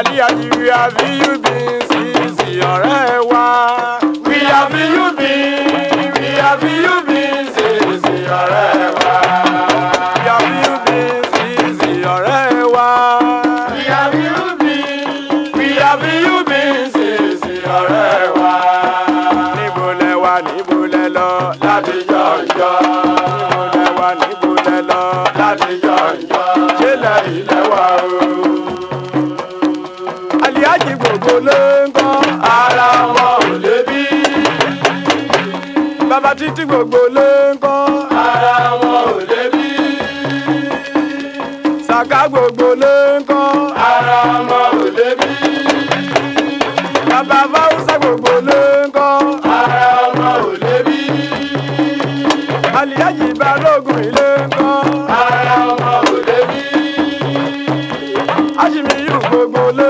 Ali Ali we have you been since ọ̀rẹ́ wa. We have you been, we have you. bàbá títí gbogbo lé ń kọ́. ara wọn ò débi. sàká gbogbo lé ń kọ́. ara wọn ò débi. bàbá fáwùsà gbogbo lé ń kọ́. ara wọn ò débi. àlìyájì balógun ilé ń kọ́. ara wọn ò débi. àṣìmí yìí gbogbo lé.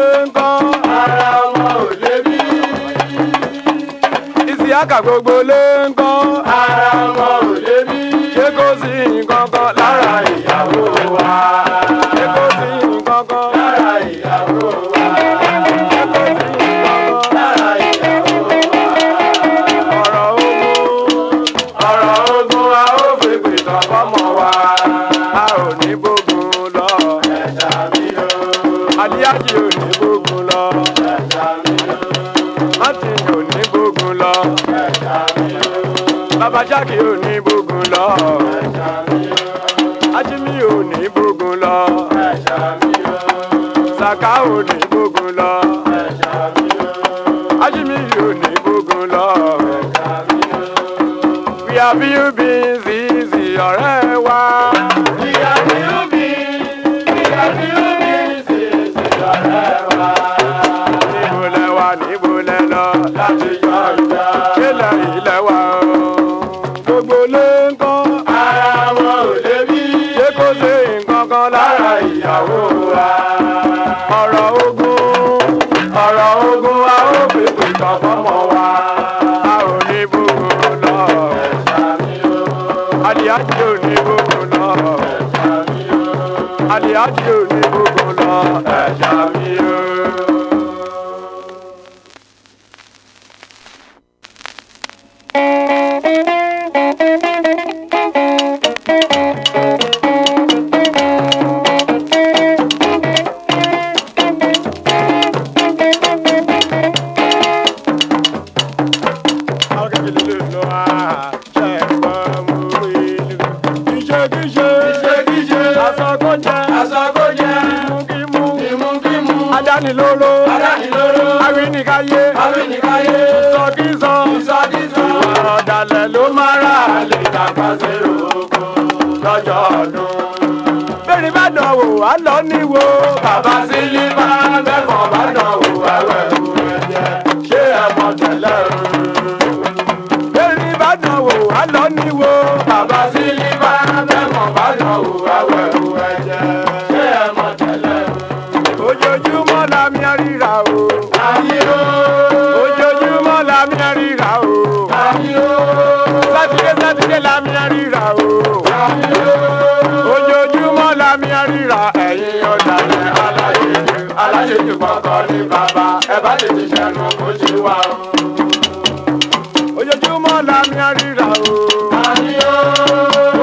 kà gbogbo ló ń ara wọn. Àbájáde ò ní bógun lọ. Ajímí ò ní bógun lọ. Sàká ò bógun lọ. Ajímí ò bógun lọ. We are you been zizi ọ̀rẹ́ wa. We are you been, we are you aliaji ò ní gbogbo lọ. aliaji ò gbogbo lọ. ẹja mi. alánilóró awínikaye ìsọkísọ ọ̀dàlẹ̀ ló máa rà lè dàgbà zero lọ́jọ́ ọdún. bẹ́ẹ̀ni bá dàn wò á lọ níwò. bàbá sílí máa mẹ́fọ̀ bá dàn wò ẹ̀wẹ̀ òun jẹ ṣé ẹ̀mọ tẹ̀lé o. bẹ́ẹ̀ni bá dàn wò á lọ níwò. rírà o. àmín o. ojoojúmọ́ la mi náà rírà o. àmín o. sátidé sátidé la mi náà rírà o. àmín o. ojoojúmọ́ la mi náà rírà ẹ̀yin ọ̀dà ni aláyèjì aláyèjì kọ̀ọ̀kan ní bàbá ẹ bá lè ti ṣẹnu kó ṣe o. ojoojúmọ́ la mi náà rírà o. àmín o.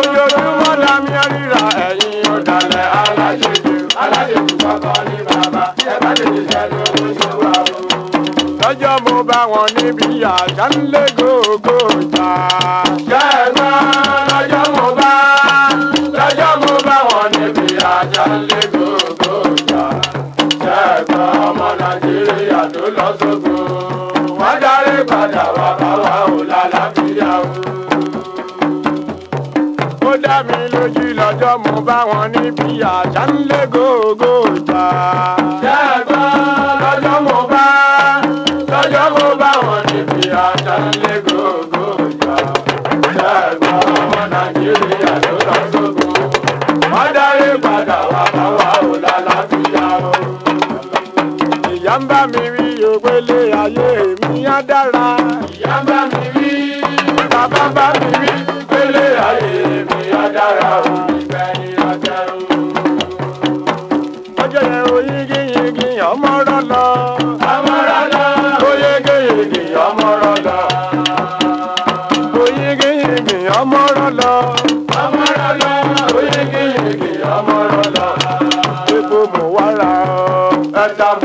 ojoojúmọ́ la mi náà rírà ẹ̀yin ọ̀dà ni aláyèjì aláyèjì kọ̀ọ̀kan ní bàbá ẹ bá lè ti ṣẹnu bá wọn níbi àṣà ń lé gògó jà. kẹ́ẹ̀mọ́ lọ́jọ́ mo bá lọ́jọ́ mo bá wọn níbi àṣà ń lé gògó jà. kẹ́ẹ̀mọ́ ọmọ nàìjíríà tó lọ sóko wọ́n darí padà wá wa ò lálàáfíà o dá mi lójú lọ́jọ́ mo bá wọn níbi àṣà ń lé padà wá káwá ò lálàáfíà mi rí ògbélé.